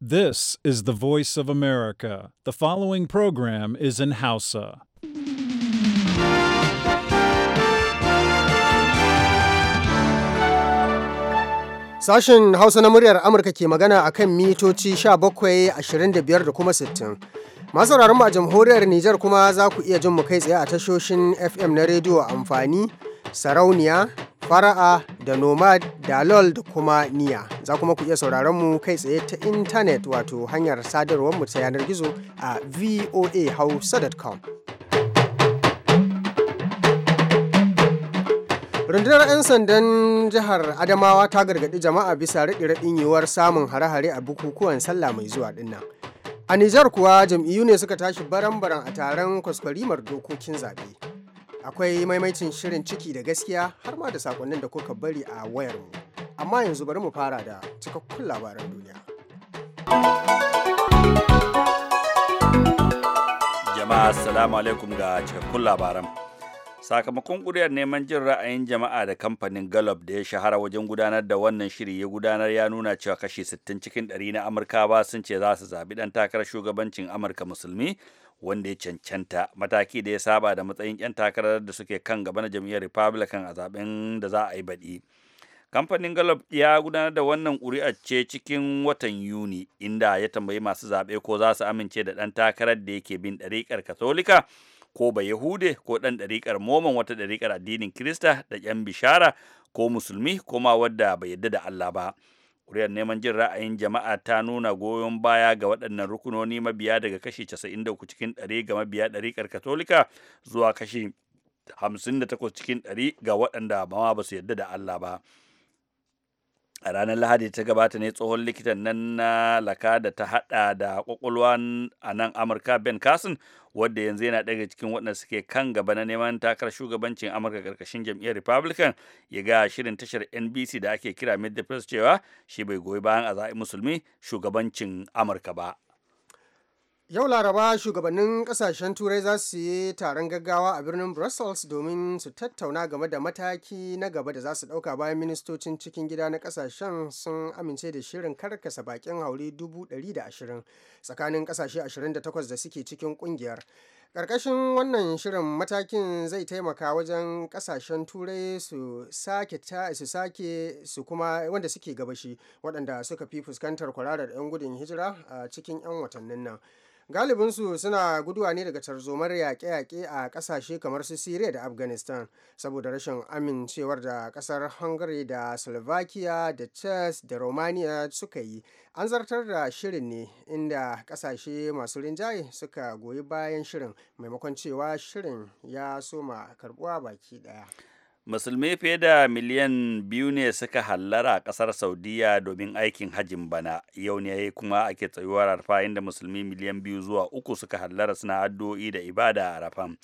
This is the voice of America. The following program is in Hausa. Sashen Hausa na muryar Amurka ke magana a kan mitoci bakwai ashirin da kuma 60. Masu mu a jamhuriyar Nijar kuma za ku iya jin mu kai tsaye a tashoshin FM na rediyo amfani Sarauniya, Fara'a da Nomad da LOL da kuma Niya. Za kuma ku iya sauraron mu kai tsaye ta intanet wato hanyar sadarwar mu ta yanar gizo a voahausa.com. rundunar 'yan sandan jihar adamawa ta gargaɗi jama'a bisa raɗi-raɗin yiwuwar samun hare-hare a bukukuwan sallah mai zuwa dinnan a nijar kuwa jam'iyyu ne suka tashi baran-baran a taron kwaskwarimar dokokin zaɓe akwai maimaicin shirin ciki da gaskiya har ma da sakonnin da kuka bari a wayar mu Amma yanzu bari mu fara da cikakkun labaran duniya. Jama'a assalamu alaikum ga cikakkun labaran. Sakamakon ƙuri'ar neman jin ra'ayin jama'a da kamfanin Gallup da ya shahara wajen gudanar da wannan shiri ya gudanar ya nuna cewa kashi 60 cikin 100 na ba sun ce za su zaɓi ɗan takarar shugabancin Amurka Musulmi wanda ya cancanta mataki da ya saba da matsayin 'yan takarar da suke kan gaba na jam'iyyar republican a zaben da za a yi baɗi kamfanin gallup ya gudanar da wannan ƙuri'ar ce cikin watan yuni inda ya tambayi masu zaɓe ko za su amince da ɗan takarar da yake bin ɗariƙar katolika ko ba yahude ko ɗan ɗariƙar moman wata ɗariƙar addinin kirista da 'yan bishara ko musulmi ko ma wadda bai yadda da allah ba Kuriyar neman jin ra'ayin jama'a ta nuna goyon baya ga waɗannan rukunoni mabiya daga kashi 93 cikin 100 ga mabiya ɗariƙar Katolika zuwa kashi 58 cikin 100 ga waɗanda ma ba su yadda da Allah ba. a ranar lahadi ta gabata ne tsohon likitan nan na laka da ta hada da kwakwalwa a nan amurka ben carson wadda yanzu yana daga cikin waɗanda suke kan gaba na neman takarar shugabancin amurka karkashin jam'iyyar republican ya ga shirin tashar nbc da ake kira mid the cewa shi bai goyi bayan a zaɓi musulmi shugabancin amurka ba Yau Laraba shugabannin kasashen Turai za su yi taron gaggawa a birnin Brussels domin su tattauna game da mataki na gaba da za su ɗauka bayan ministocin cikin gida na kasashen sun amince da shirin karkasa bakin haure 120 tsakanin kasashe 28 da suke cikin kungiyar. karkashin wannan shirin matakin zai taimaka wajen kasashen turai su sake ta su sake su kuma wanda suke gabashi waɗanda suka fi fuskantar kwararar 'yan gudun hijira a cikin 'yan watannin nan. galibinsu suna guduwa ne daga tarzomar yaƙe-yaƙe a ƙasashe kamar su syria da afghanistan saboda rashin amincewar da ƙasar hungary da slovakia da czech da romania suka yi an zartar da shirin ne inda ƙasashe masu rinjaye suka goyi bayan shirin maimakon cewa shirin ya soma karbuwa baki ɗaya musulmi fiye da miliyan biyu ne suka hallara a ƙasar saudiya domin aikin hajjin bana yau ne kuma ake tsayuwar arfa inda musulmi miliyan biyu zuwa uku suka hallara suna addu'o'i da ibada a arafan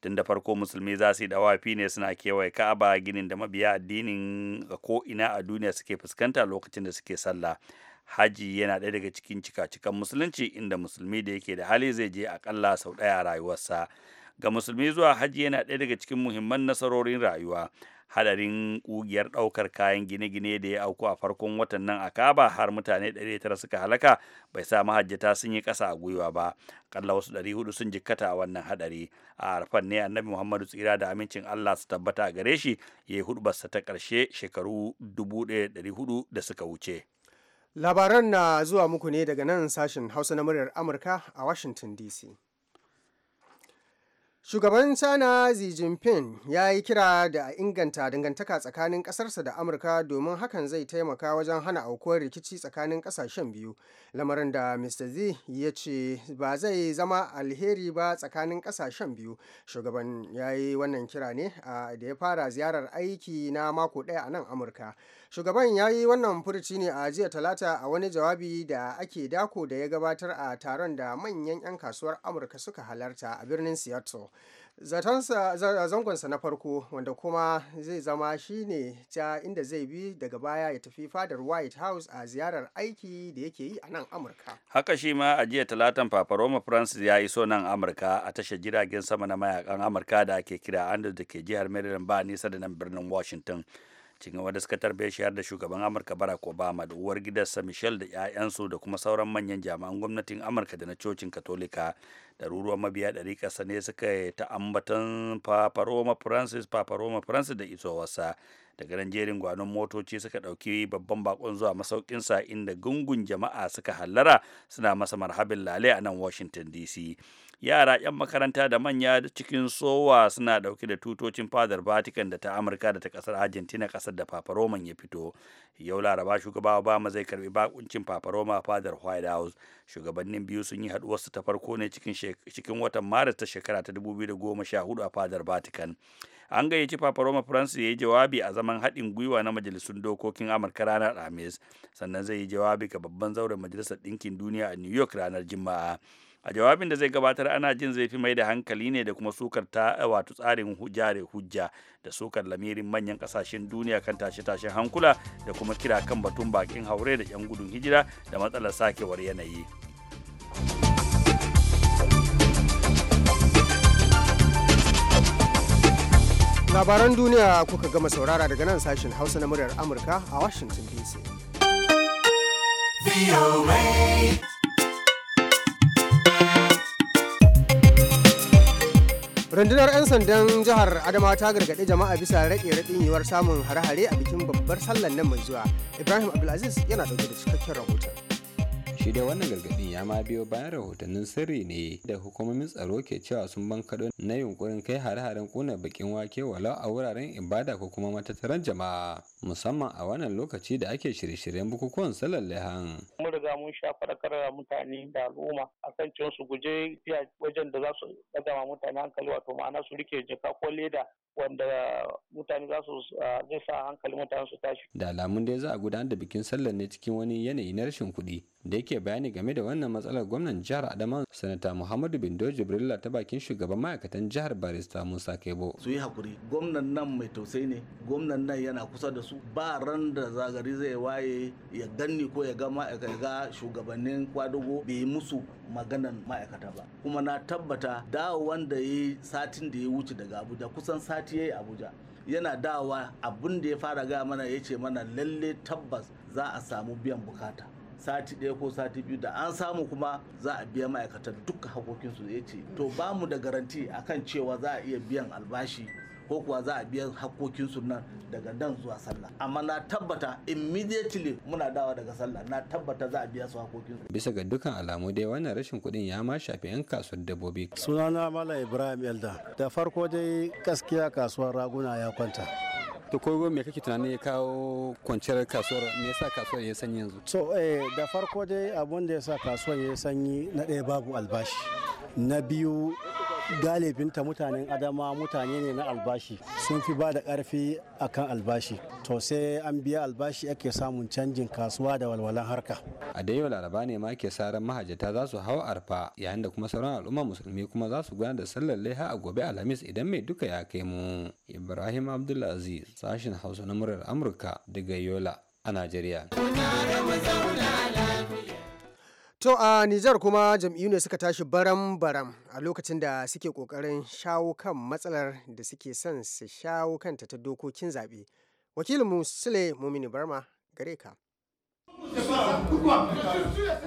tun da farko musulmi za su yi dawafi ne suna kewaye ka'aba ginin da mabiya addinin ko ina a duniya suke fuskanta lokacin da suke sallah haji yana ɗaya daga cikin cika-cikan musulunci inda musulmi da yake da hali zai je aƙalla sau ɗaya a rayuwarsa ga musulmi zuwa hajji yana ɗaya daga cikin muhimman nasarorin rayuwa hadarin kugiyar ɗaukar kayan gine-gine da ya auku a farkon watan nan a kaba har mutane 900 suka halaka bai sa mahajjata sun yi ƙasa a gwiwa ba kalla wasu 400 sun jikkata a wannan hadari a arfan ne annabi muhammadu tsira da amincin allah su tabbata a gare shi ya yi hudubarsa ta ƙarshe shekaru 1400 da suka wuce labaran na zuwa muku ne daga nan sashen hausa na muryar amurka a washington dc Shugaban China Xi Jinping ya yi kira da a inganta dangantaka tsakanin ƙasarsa da Amurka domin hakan zai taimaka wajen hana aukuwar rikici tsakanin ƙasashen biyu. Lamarin da Mr. Xi ya ce ba zai zama alheri ba tsakanin ƙasashen biyu. Shugaban ya yi wannan kira ne da ya fara ziyarar aiki na mako ɗaya a nan Amurka. Shugaban ya yi wannan furuci ne a jiya Talata a wani jawabi da ake dako da ya gabatar a taron da manyan 'yan kasuwar Amurka suka halarta a birnin Seattle. zangonsa na farko wanda kuma zai zama shine ta inda zai bi daga baya ya tafi fadar white house a ziyarar aiki da yake yi a nan amurka haka shi ma a jiya talatan papa roma francis ya so nan amurka a tashar jiragen sama na mayakan amurka da ake kira andrew da ke jihar maryland ba nisa da nan birnin washington cikin wadda suka tarbe shi har da shugaban amurka barack obama da uwar gidansa michelle da 'ya'yansu da kuma sauran manyan jami'an gwamnatin amurka da na cocin katolika ɗaruruwan mabiya ɗari ƙasa ne suka yi ta ambatan papa roma francis papa roma francis da isowarsa daga nan jerin gwanon motoci suka ɗauki babban bakon zuwa masaukinsa inda gungun jama'a suka hallara suna masa marhabin lale a nan washington dc yara 'yan makaranta da manya cikin sowa suna ɗauke da tutocin fadar vatican da ta amurka da ta ƙasar argentina ƙasar da papa roman ya fito yau laraba shugaba obama zai karbi bakuncin papa roma fadar white house shugabannin biyu sun yi haɗuwarsu ta farko ne cikin watan maris ta shekara ta 2014 a fadar vatican an gayyaci Papa Roma Francis ya yi jawabi a zaman haɗin gwiwa na majalisun dokokin Amurka ranar Alhamis sannan zai yi jawabi ga babban zauren majalisar ɗinkin duniya a New York ranar Juma'a. A jawabin da zai gabatar ana jin zai fi mai da hankali ne da kuma sukar ta wato tsarin jare hujja da sukar lamirin manyan kasashen duniya kan tashe-tashen hankula da kuma kira kan batun bakin haure da 'yan gudun hijira da matsalar sakewar yanayi. labaran duniya kuka gama saurara daga nan sashen hausa na muryar amurka a washington dc rundunar 'yan sandan jihar adama ta gargaɗi jama'a bisa raɗe-raɗin yiwuwar samun hare-hare a bikin babbar sallan nan mai zuwa ibrahim abdulaziz yana ɗauke da cikakken rahoton shi da wannan gargadin ya ma biyo bayan rahotannin sirri ne da hukumomin tsaro ke cewa sun ban kado na yunkurin kai hare-haren kuna bakin wake walau a wuraren ibada ko kuma matattaran jama'a musamman a wannan lokaci da ake shirye-shiryen bukukuwan salon lehan riga mun sha mutane da al'umma kan cewa su guje wajen da za su ɗaga mutane hankali wato ma'ana su rike jaka ko leda wanda mutane za su zai sa hankali mutane su tashi. Da alamun dai za a gudanar da bikin sallar ne cikin wani yanayi na rashin kuɗi da yake bayani game da wannan matsalar gwamnan jihar Adama sanata Muhammadu Bindo Jibrilla ta bakin shugaban ma'aikatan jihar Barista Musa Kebo. Su yi hakuri gwamnan nan mai tausayi ne gwamnan nan yana kusa da su ba ran da zagari zai waye ya ganni ko ya ga ma'aikata shugabannin kwadugo bai musu maganan ma'aikata ba kuma na tabbata dawo wanda ya yi satin da ya wuce daga abuja kusan sati ya yi abuja yana dawa abin da ya fara gaya mana ya ce mana lalle tabbas za a samu biyan bukata sati ɗaya ko sati biyu da an samu kuma za a biya ma'aikatan duka hakokinsu ya ce to ba mu da garanti akan cewa za a iya biyan albashi ko kuwa za a biya hakkokinsu nan daga nan zuwa sallah amma na tabbata immediately muna dawa daga sallah na tabbata za a biya su hakkokinsu bisa ga dukkan alamu dai wannan rashin kuɗin ya ma shafi yan kasuwar dabbobi sunana mala ibrahim elda da farko dai gaskiya kasuwar raguna ya kwanta to ko me kake tunanin ya kawo kwanciyar kasuwar me yasa kasuwar ya sanyi yanzu to eh da farko dai abun da yasa kasuwar ya sanyi na ɗaya babu albashi na biyu galibinta mutanen adama mutane ne na albashi sun fi ba da ƙarfi akan albashi to sai an biya albashi ake samun canjin kasuwa da walwalan harka a da yau laraba ne ma ke saran mahajata za su hau arfa yayin da kuma sauran al'umma musulmi kuma za su gudanar da sallar laiha a gobe alhamis idan mai duka ya kai mu ibrahim abdulaziz sashen hausa na murar amurka daga yola a najeriya To a Nijar kuma jam'iyyu ne suka tashi baram-baram a lokacin da suke kokarin shawo kan matsalar da suke son su shawo kanta ta dokokin zaɓe. Wakilinmu Sule Mumini Barma gare ka.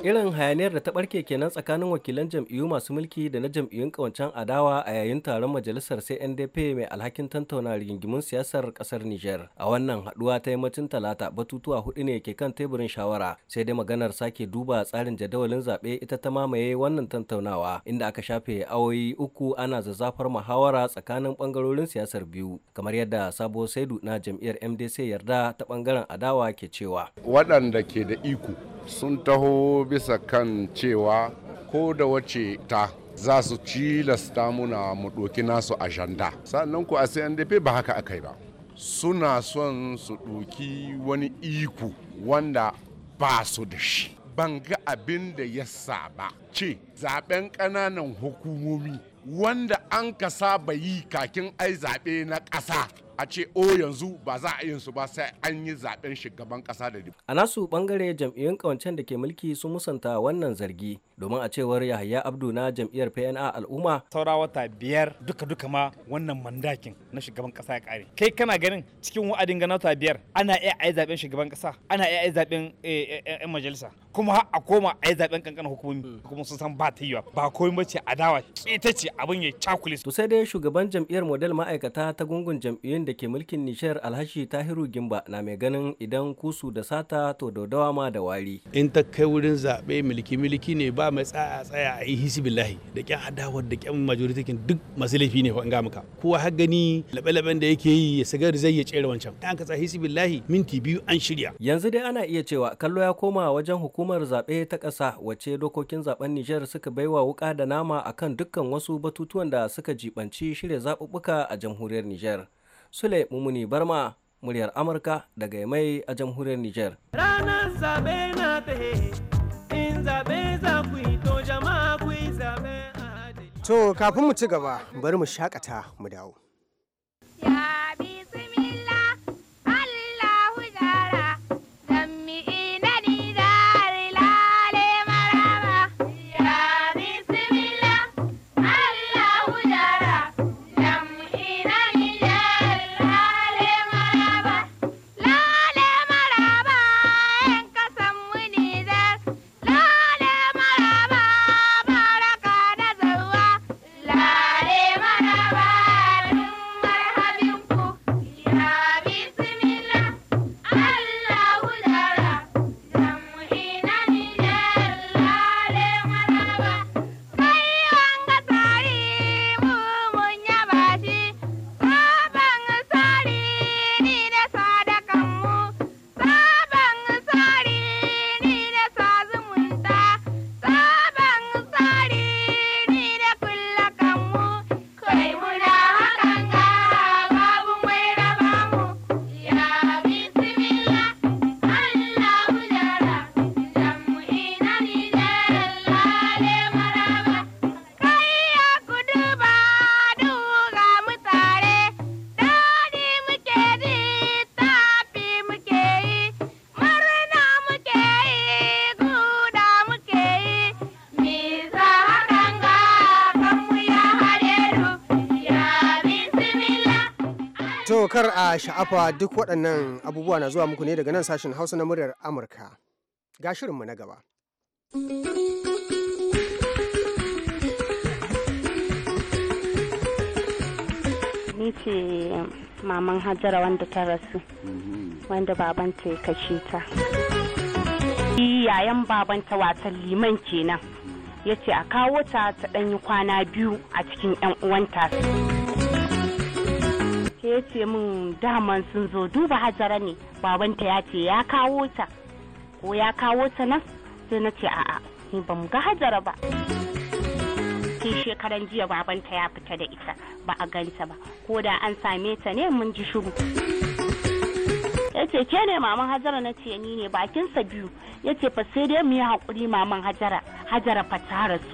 Irin hayaniyar da ta barke kenan tsakanin wakilan jam'iyyu masu mulki da na jam'iyyun kawancen adawa a yayin taron majalisar CNDP mai alhakin tantauna rigingimun siyasar ƙasar Nijar. A wannan haduwa ta yammacin talata batutuwa hudu ne ke kan teburin shawara sai dai maganar sake duba tsarin jadawalin zaɓe ita ta mamaye wannan tantaunawa inda aka shafe awoyi uku ana zazzafar muhawara tsakanin bangarorin siyasar biyu kamar yadda Sabo Saidu na jam'iyyar MDC yarda ta ɓangaren adawa ke cewa. Waɗanda ke da iko uku sun taho bisa kan cewa ko da wace ta za su cilasta muna mu ɗoki nasu ajanda sannan ku a CNDP ba haka aka yi ba suna son su ɗoki wani iko wanda ba su da shi ban ga abin da ya saba ce zaben ƙananan hukumomi wanda an ka saba yi kakin ai zaɓe na ƙasa a ce o oh, yanzu ba za a yin su ba sai an yi zaben shugaban kasa da a nasu bangare jam'iyyun kawancen da ke mulki sun musanta wannan zargi domin a cewar yahaya abdu na jam'iyyar pna al'umma saura wata biyar duka duka ma wannan mandakin na shugaban kasa ya kare kai kana ganin cikin wa'adin ga wata biyar ana iya a yi zaben shugaban kasa ana iya a yi zaben yan eh, eh, eh, majalisa kuma a koma a yi zaben kankanin hukumomi kuma sun san ba ta yiwa ba komai bace adawa ita ce abin ya cakulis to sai dai shugaban jam'iyyar model ma'aikata ta gungun jam'iyyun birnin da ke mulkin Nishar Alhashi Tahiru Gimba na mai ganin idan kusu da sata to daudawa ma da wari. In ta kai wurin zaɓe miliki-miliki ne ba mai tsaya tsaya a yi hisibillahi da kyan adawar da kyan majoritikin duk masu laifi ne ga muka. Kowa har gani laɓe-laɓen da yake yi ya sigar zai ya tsere wancan. An ka tsaya hisibillahi minti biyu an shirya. Yanzu dai ana iya cewa kallo ya koma wajen hukumar zaɓe ta ƙasa wace dokokin zaɓen Nijar suka baiwa wuƙa da nama akan dukkan wasu batutuwan da suka jibanci shirya zaɓuɓɓuka a jamhuriyar Nijar. Sule Mumuni Barma muryar Amurka daga mai a jamhuriyar Nijar. Ranar zabe na tahe in zabe za ku yi to jama'a ku yi zabe a To kafin mu ci gaba bari mu shakata mu dawo. wakar a sha'afa duk waɗannan abubuwa na zuwa muku ne daga nan sashen hausa na muryar amurka ga shirinmu na gaba ni ce maman hajara wanda ta rasu mhm. wanda babanta ya kashe ta yayan babanta wata liman kenan ya ce a kawo ta ta ɗanyi kwana biyu a cikin 'yan uwanta sai ya ce min daman sun zo duba hajara ne babanta ya ce ya kawo ta ko ya kawo ta nan sai na ce a'a ni ba mu ga hajara ba ke shekaran jiya babanta ya fita da ita ba a ganta ba ko da an same ta ne mun ji shiru ya ce ke ne maman hajara na ce ni ne bakinsa biyu ya ce fa sai dai mu yi haƙuri maman hajara hajara fa ta rasu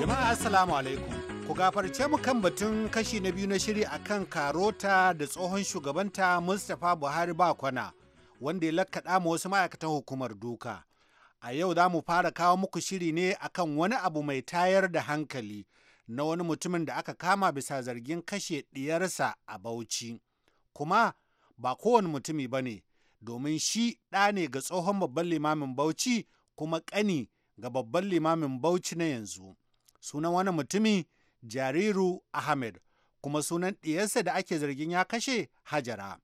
jama'a assalamu alaikum ku gafarce mu kan batun kashi na biyu na shiri akan karota da tsohon shugabanta mustapha buhari bakwana wanda ya lakkaɗa ma wasu ma'aikatan hukumar duka a yau za mu fara kawo muku shiri ne akan wani abu mai tayar da hankali na wani mutumin da aka kama bisa zargin kashe ɗiyarsa a bauchi kuma ba kowane mutumi ba ne domin shi ɗa ne ga tsohon babban limamin bauchi kuma ƙani ga babban limamin bauchi na yanzu sunan wani mutumi Jariru Ahmed, kuma sunan ɗiyarsa da ake zargin ya kashe Hajara.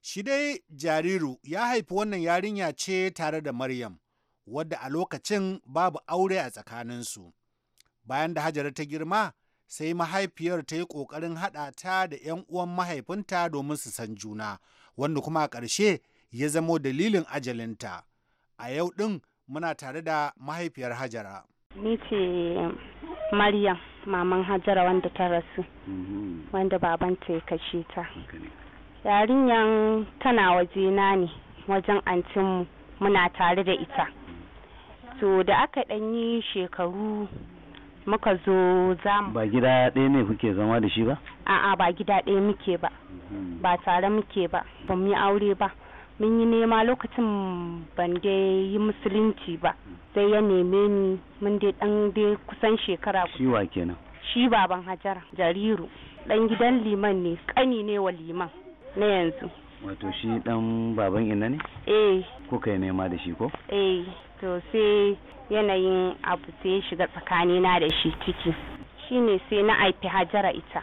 Shi dai Jariru ya haifi wannan yarinya ce tare da Maryam, wadda a lokacin babu aure a tsakaninsu. Bayan da Hajara ta girma, sai mahaifiyar ta yi ƙoƙarin haɗa ta da 'yan uwan mahaifinta domin su san juna, wanda kuma a ƙarshe ya zamo dalilin ajalinta. A yau ɗin muna tare da mahaifiyar Hajara. Ni ce Maryam. maman hajara wanda ta rasu mm-hmm. wanda babanta ya kashe ta yarinyan tana waje na ne wajen antinmu muna tare da ita to da aka ɗanyi shekaru muka zo mu. ba gida ɗaya ne kuke zama da shi ba a'a ba gida ɗaya muke ba mm-hmm. ba tare muke ba ba mu yi aure ba mun yi nema lokacin ban dai yi musulunci ba sai ya neme ni mun dai dan dai kusan shekara shi wa kenan shi baban hajara jariru dan gidan liman ne kani ne wa liman na yanzu wato shi dan baban ina ne eh kuka yi nema da shi ko eh to sai yanayin abu sai ya shiga tsakanina da shi ciki shine sai na aifi hajara ita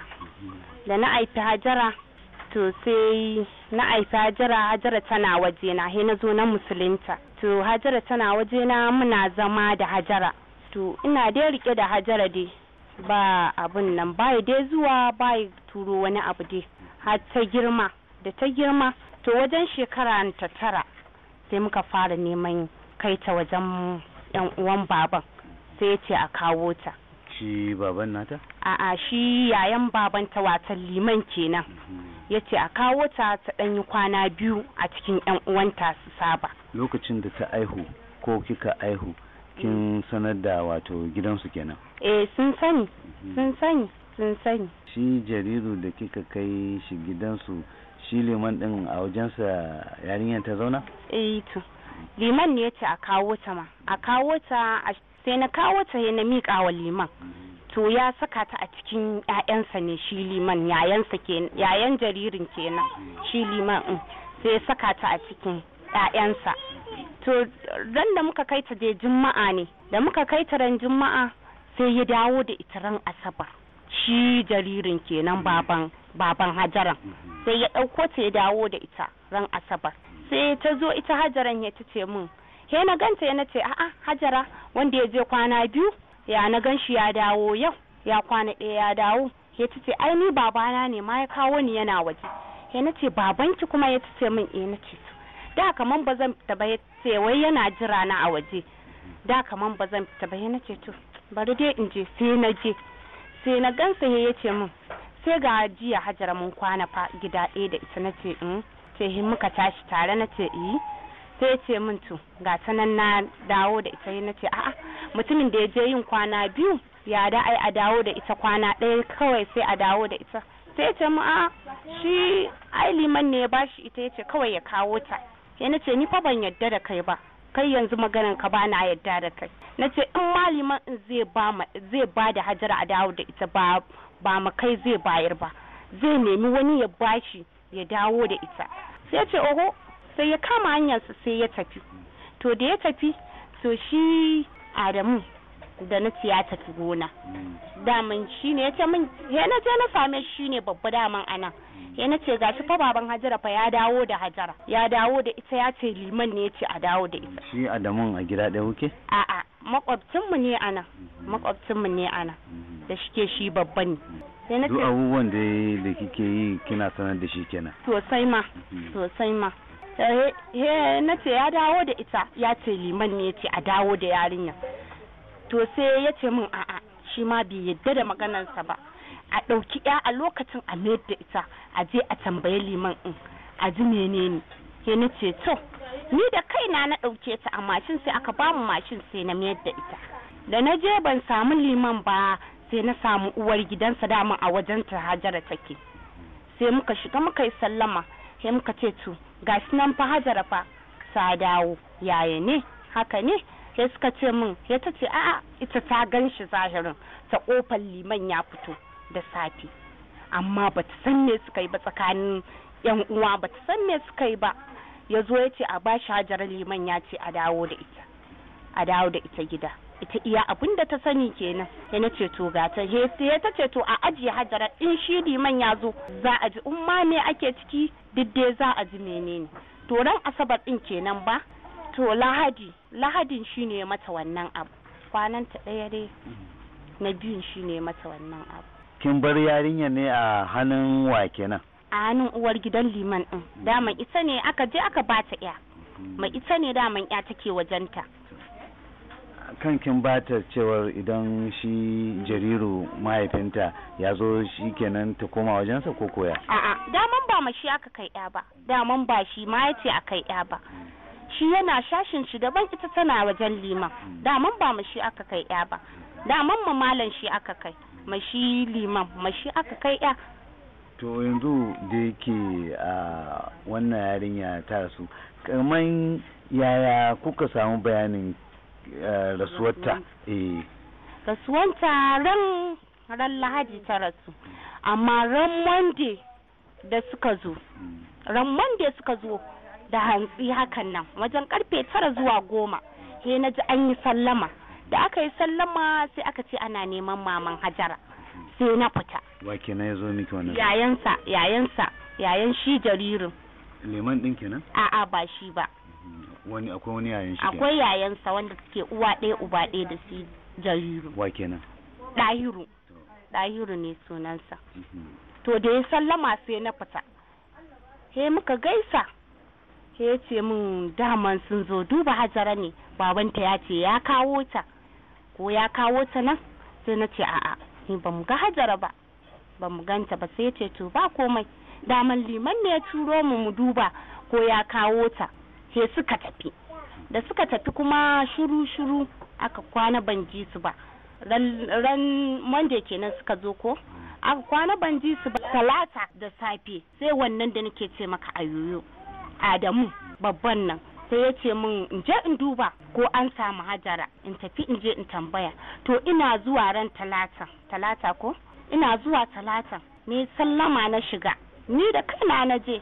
da na aifi hajara to sai na aifi hajara hajara tana na he na zo na musulunta to hajara tana wajena muna zama da hajara to ina dai rike da hajara dai ba abun nan bai dai zuwa bai turo wani abu dai har ta girma da ta girma to wajen shekara ta tara sai muka fara neman kai ta wajen yan uwan baban sai ya ce a kawo ta shi baban nata a'a shi yayan baban ta watan liman kenan mhm. ya ce a kawo ta ta ɗan yi kwana biyu a cikin 'yan uwanta su saba lokacin da ta aihu ko kika aihu kin sanar da wato gidansu kenan eh sun sani mhm. sun sani sun sani shi jariru da kika kai shi gidansu shi liman din a wajensa yarinyar ta zauna eh to liman ne ya ce a kawo ta ma a kawo ta sai na kawo ta ya na miƙa wa liman mhm. to ya saka ta a cikin ƴaƴansa ne shi liman yayansa ke yayan jaririn kenan shi liman sai ya saka ta a cikin ƴaƴansa to ran da muka kai ta je juma'a ne da muka kai ta ran juma'a sai ya dawo da ita ran asabar shi jaririn kenan baban baban hajaran sai ya ɗauko ta ya dawo da ita ran asabar sai ta zo ita hajaran ya ta ce min he na ganta ya nace ce a'a hajara wanda ya je kwana biyu ya na gan shi ya dawo yau ya kwana ɗaya ya dawo ya ce ai ni babana ne ma ya kawo ni yana waje ya na ce babanki kuma ya ce min eh na ce da kaman ba zan fita ba ya ce wai yana jira na a waje da kaman ba zan fita ba ya na ce to bari dai in je sai na je sai na gan sa ya ce min sai ga jiya hajara mun kwana fa gida ɗaya da ita na ce mm. in ce muka tashi tare na ce eh sai ya ce min to ga sanan na dawo da ita na ce a'a mutumin da ya je yin kwana biyu ya da ai a dawo da ita kwana ɗaya kawai sai a dawo da ita sai ce mu shi ai liman ne ya bashi ita ya ce kawai ya kawo ta ya nace ni fa ban yadda da kai ba kai yanzu maganan ka bana yadda da kai na ce in maliman zai ba zai ba da hajara a dawo da ita ba ba ma kai zai bayar ba zai nemi wani ya bashi ya dawo da ita sai ya ce oho sai ya kama hanyarsa sai ya tafi to da ya tafi to shi adamu da na ya tafi gona mm. daman shi ne ya ce min ya na je na same shi ne babba daman nan ya mm. na ce gashi fa baban hajara fa ya dawo da hajara ya dawo da ita ya ce liman ne ya ce a dawo da ita shi adamun a gida ɗaya kuke a'a mu ne mm-hmm. Makwabcin mu ne anan mm-hmm. da shike shi babba ne mm-hmm. duk na ce abubuwan da kike yi kina sanar da shi kenan sosai ma sosai ma he eh, eh, na ce ya dawo da ita ya ce liman ne ya ce a dawo da yarinya to sai ya ce min a'a shi ma bai yadda da maganarsa ba a ɗauki ya a lokacin a mayar da ita a je a tambayi liman in a ji menene ya na ce to ni da kaina na ɗauke ta a mashin sai aka bamu mashin sai na mayar da ita da na je ban samu liman ba sai na samu uwar gidansa dama a wajen ta hajara take sai muka shiga muka yi sallama sai muka ce to ga nan fa hajara fa sa dawo yaya ne haka ne sai suka ce min ya ta ce a'a ita ta gan shi zahirin ta kofar liman ya fito da safe amma ba ta san me suka yi ba tsakanin yan uwa ba ta san me suka yi ba ya zo ya ce a ba bashi hajarar liman ya ce a dawo da ita a dawo da ita gida ita iya abin da ta sani kenan ya na ce to gata he sai ta ce to a ajiye hajara in shi liman ya zo za a ji umma ne ake ciki duk za a ji menene to ran asabar din kenan ba to lahadi lahadin shine mata wannan abu kwanan ta daya dai na biyun shine mata wannan abu kin bar yarinya ne a hannun wa kenan a hannun uwar gidan liman din daman ita ne aka je aka bata ya mai ita ne daman ya take wajenta kan kin bata cewa idan shi jariru mahaifinta ya zo shi kenan ta koma wajensa ko koya a'a daman ba ma shi aka kai ya ba daman ba shi ma ya ce aka ya ba shi yana shashin shi daban ita tana wajen liman daman ba ma shi aka kai ya ba daman ma malan shi aka kai ma shi liman ma shi aka kai ya to yanzu da yake a wannan yarinya ta su kamar yaya kuka samu bayanin Eh, rasuwarta eh. rasuwanta ran ran lahadi ta rasu amma ran monday da suka zo ran monday suka zo da hantsi hakan nan wajen karfe tara zuwa goma he na ji an yi sallama da aka yi sallama sai aka ce ana neman maman hajara sai na fita wa kenan ya zo miki wannan yayansa yayansa yayan shi jaririn liman din kenan a'a ba shi ba wani akwai wani yayan shi akwai sa wanda suke uwa ɗaya uba ɗaya da su jariru wa kenan dahiru dahiru ne sunansa mm-hmm. to da ya sallama sai na fita he muka gaisa he ya ce min daman sun zo duba hajara ne babanta ya ce ya kawo ta ko ya kawo ta nan sai na ce a'a ni ba mu ga hajara ba ba mu ganta ba sai ya ce to ba komai daman liman ne ya turo mu mu duba ko ya kawo ta sai suka tafi da suka tafi kuma shuru shuru aka kwana ban ji su ba ran monday kenan suka zo ko aka kwana ban ji su ba talata da safe sai wannan da nake ce maka a yoyo adamu babban nan sai ya ce min in je in duba ko an samu hajara in tafi in je in tambaya to ina zuwa ran talata talata ko ina zuwa talata ne sallama na shiga ni da kaina na je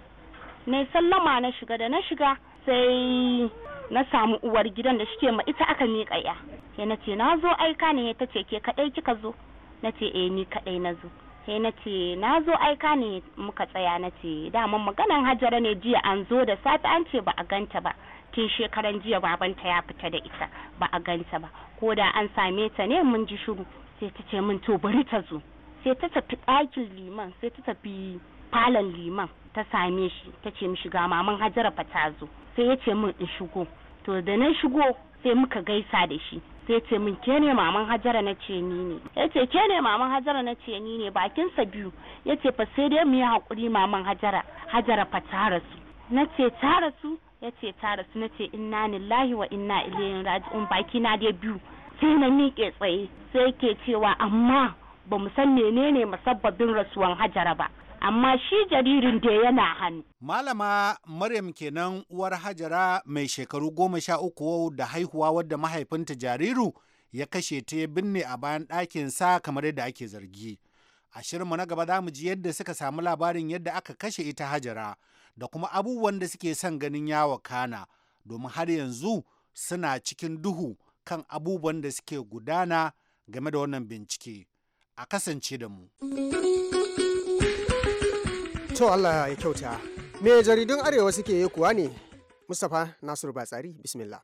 ne sallama na shiga da na shiga sai na samu uwar gidan da shike ma ita aka miƙa ya sai na ce na zo aika ne ta ce ke kaɗai kika zo na ce eh ni kaɗai na zo sai na ce na zo aika ne muka tsaya na ce daman maganan hajara ne jiya an zo da safe an ce ba a ganta ba tun shekaran jiya babanta ya fita da ita ba a ganta ba ko da an same ta ne mun ji shiru sai ta ce min to bari ta zo sai ta tafi ɗakin liman sai ta tafi falon liman ta same shi ta ce mishi ga maman hajara fa ta zo sai ya ce min in shigo to da na shigo sai muka gaisa da shi sai ce min ke ne maman hajara na ce ni ne ya ce ke ne maman hajara na ce ni ne bakinsa biyu ya ce fa sai dai mu yi hakuri maman hajara hajara fa ta rasu na ce ta rasu ya ce ta rasu na ce inna lillahi wa inna ilaihi raji'un baki na dai biyu sai na miƙe tsaye sai ke cewa amma ba mu san menene musabbabin rasuwan hajara ba amma shi jaririn da yana hannu. Malama Maryam kenan uwar Hajara mai shekaru goma sha uku da haihuwa wadda mahaifinta jariru ya kashe ta ya binne a bayan ɗakin sa kamar yadda ake zargi. A shirinmu na gaba za mu ji yadda suka samu labarin yadda aka kashe ita Hajara da kuma abubuwan da suke son ganin yawa kana domin har yanzu suna cikin duhu kan abubuwan da suke gudana game da wannan bincike. A kasance da mu. To Allah ya kyauta. Me jaridun Arewa suke yi kuwa ne? Mustapha Nasiru Batsari, Bismillah.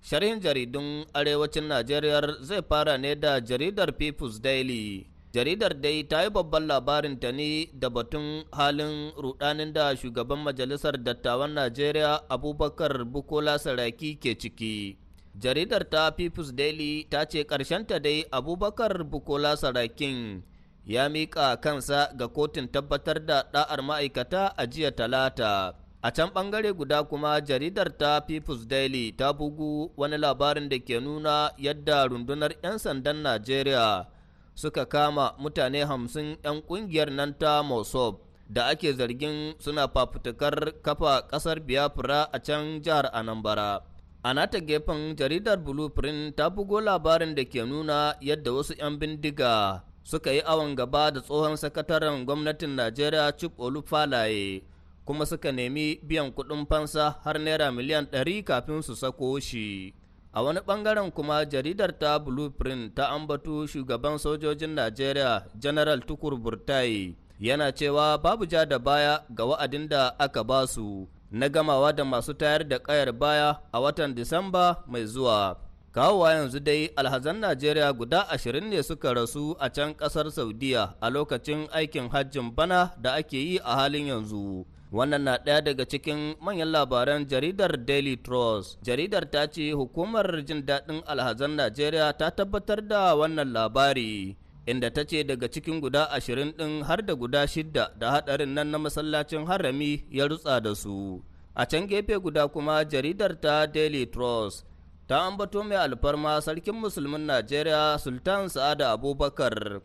Sharhin jaridun Arewacin Najeriya zai fara ne da jaridar People's Daily. Jaridar dai ta yi babban labarin ta ne da batun halin rudanin da shugaban majalisar dattawan Najeriya Abubakar Bukola Saraki ke ciki. Jaridar ta People's Daily ta ce ta dai Abubakar Bukola Sarakin ya miƙa kansa ga kotun tabbatar da ɗa'ar ma'aikata a jiya talata. A can ɓangare guda kuma jaridar ta People's Daily ta bugu wani labarin da ke nuna yadda rundunar 'yan sandan Najeriya suka kama mutane hamsin 'yan ƙungiyar nan ta Mosob da ake zargin suna fafutukar kafa ƙasar Biafra a can jihar Anambra. A nata gefen jaridar Blueprint ta bugo labarin da ke nuna yadda wasu 'yan bindiga suka yi awon gaba da tsohon sakataren gwamnatin Najeriya Chip Olufalaye kuma suka nemi biyan kuɗin fansa har naira miliyan ɗari kafin su sako shi. A wani bangaren kuma jaridar ta Blueprint ta ambatu shugaban sojojin Najeriya General Tukur Burtai yana cewa babu ja da baya ga wa'adin da aka basu na gamawa da masu tayar da kayar baya a watan Disamba mai zuwa. kawowa yanzu dai alhazan najeriya guda ashirin ne suka rasu a can kasar saudiya a lokacin aikin hajjin bana da ake yi a halin yanzu wannan na ɗaya daga cikin manyan labaran jaridar daily trust jaridar ta ce hukumar jin daɗin alhazan najeriya ta tabbatar da wannan labari inda ta ce daga cikin guda ashirin ɗin har da guda shidda da haɗarin nan na masallacin harami ya rutsa da su a can gefe guda kuma jaridar ta daily trust ta ambato mai alfarma sarkin musulmin Najeriya Sultan Sa'ada Abubakar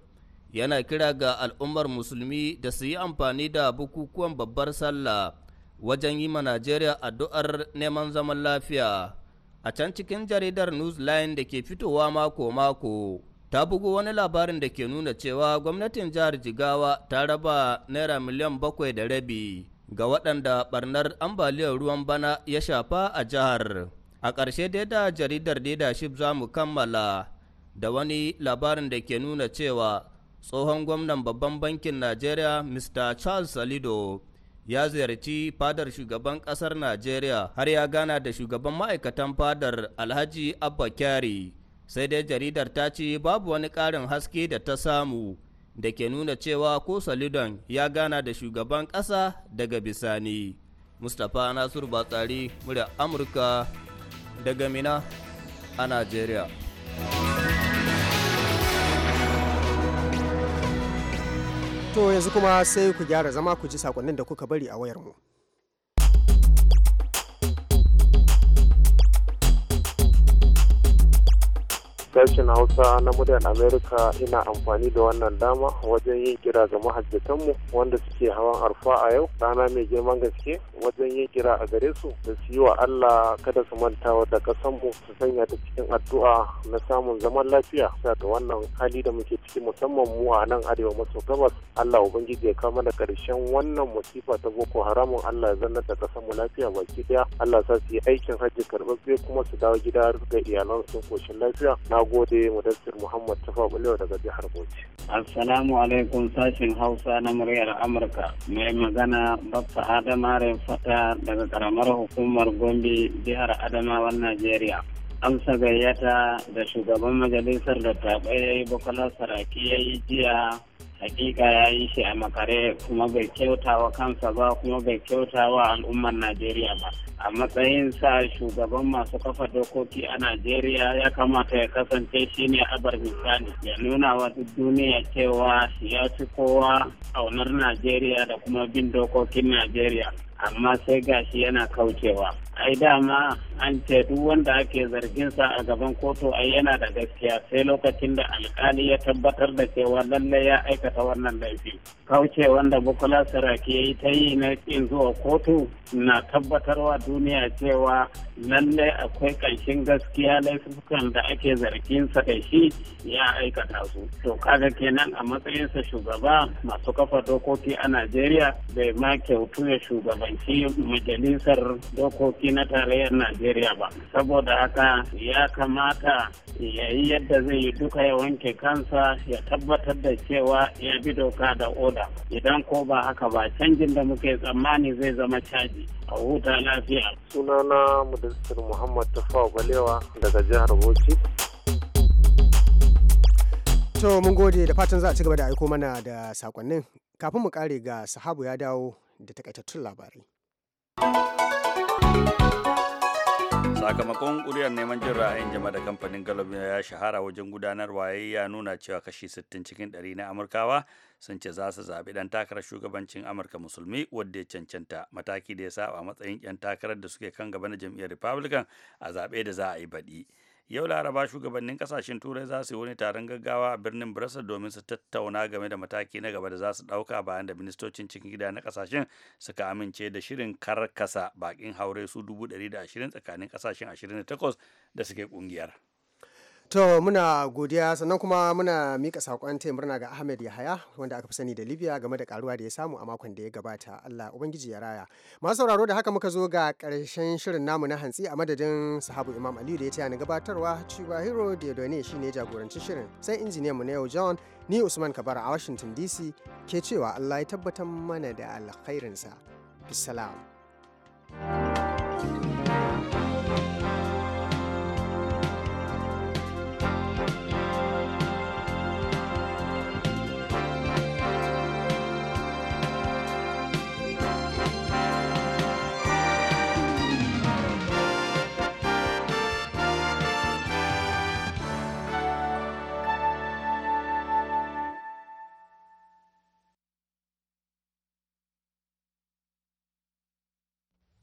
yana kira ga al'ummar musulmi da su yi amfani da bukukuwan babbar sallah wajen yi ma Najeriya addu'ar neman zaman lafiya. A can cikin jaridar Newsline da ke fitowa mako-mako. ta bugu wani labarin da ke nuna cewa gwamnatin jihar Jigawa ta raba naira miliyan bakwai da rabi ga waɗanda ɓarnar ambaliyar ruwan bana ya shafa a jihar. A ƙarshe dai da jaridar leadership za mu kammala da wani labarin da ke nuna cewa tsohon gwamnan babban bankin Najeriya Mr. Charles Salido ya ziyarci fadar shugaban ƙasar Najeriya har ya gana da shugaban ma'aikatan fadar Alhaji Abba Kyari. Sai dai jaridar ta ce babu wani ƙarin haske da ta samu da ke nuna cewa ko Salidon ya gana da shugaban ƙasa daga bisani. Mustapha Nasiru Batsari, murya Amurka, daga Mina a Najeriya. To yanzu kuma sai ku gyara zama ku ji sakonnin da kuka bari a wayarmu. sashen hausa na muryar america ina amfani da wannan dama wajen yin kira ga mahajjatanmu wanda suke hawan arfa a yau rana mai girman gaske wajen yin kira a gare su da su yi wa allah kada su manta da kasanmu su sanya ta cikin addu'a na samun zaman lafiya daga wannan hali da muke ciki musamman mu a nan arewa maso gabas allah ubangiji ya kama da karshen wannan masifa ta boko haramun allah ya zanna da kasanmu lafiya baki daya allah sa su yi aikin hajji karɓaɓɓe kuma su dawo gida ga iyalansu koshin lafiya na gode mudassir muhammad tafa bulewa daga jihar bauchi assalamu alaikum sashen hausa na muryar amurka mai magana Bafta adama fata daga karamar hukumar gombe jihar adamawan najeriya amsa gayyata da shugaban majalisar da taɓa ya yi bukola saraki ya yi jiya hakika ya yi shi a makare kuma bai kyauta wa kansa ba kuma bai kyauta wa al'ummar najeriya ba a matsayin sa shugaban masu kafa dokoki a najeriya ya kamata ya kasance shine abar misali ya nuna wa duk duniya cewa ya fi kowa aunar najeriya da kuma bin dokokin najeriya amma sai gashi yana kaucewa ai dama an ce duk wanda ake zargin sa a gaban kotu ai yana da gaskiya sai lokacin da alkali ya tabbatar da cewa lalle ya aikata wannan laifi kauce wanda bukola saraki ya yi ta yi na kin zuwa kotu na tabbatarwa duniya cewa lallai akwai ƙarshen gaskiya laifukan da ake zargin sa da shi ya aikata su to kaga kenan a matsayinsa shugaba masu kafa dokoki a najeriya bai ma kyautu ya shugabanci majalisar dokoki na tarayyar najeriya ba saboda haka ya kamata ya yi yadda zai yi duka ya wanke kansa ya tabbatar da cewa ya bi doka da oda idan ko ba haka ba canjin da muke tsammani zai zama caji a huta lafiya sunana Nasir Muhammad Tafawa Balewa daga jihar Bauchi. To mun gode da fatan za a ci gaba da aiko mana da sakonnin kafin mu kare ga sahabu ya dawo da takaitattun labarai. sakamakon ƙuri'ar neman jin ra'ayin jama'a da kamfanin galibin ya shahara wajen gudanarwa ya nuna cewa kashi 60 cikin 100 na amurkawa sun ce za su zaɓi ɗan takarar shugabancin amurka musulmi wadda ya cancanta mataki da ya saba matsayin 'yan takarar da suke kan gaba na jam'iyyar republican a zaɓe da za a yi baɗi yau laraba shugabannin kasashen turai za su yi wani taron gaggawa a birnin brussels domin su tattauna game da mataki na gaba da za su ɗauka bayan da ministocin cikin gida na kasashen suka amince da shirin karkasa bakin haure su dubu ɗari da ashirin tsakanin kasashen 28 da suke ƙungiyar. To muna godiya sannan kuma muna mika sakon taya murna ga Ahmed Yahaya wanda aka fi sani da Libya game da karuwa da ya samu a makon da ya gabata. Allah ubangiji ya raya. Masu sauraro da haka muka zo ga karshen shirin namu na hantsi a madadin sahabu Imam Aliyu da ya taya ni gabatarwa Chiba Hero shi shine jagoranci shirin. Sai injiniyan mu na yau John ni Usman Kabara a Washington DC ke cewa Allah ya tabbatar mana da alkhairinsa. Bisalam. thank you